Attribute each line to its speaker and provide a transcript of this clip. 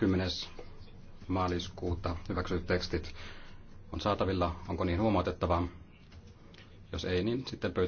Speaker 1: 10. maaliskuuta hyväksytyt tekstit on saatavilla. Onko niin huomautettavaa? Jos ei, niin sitten pöytä.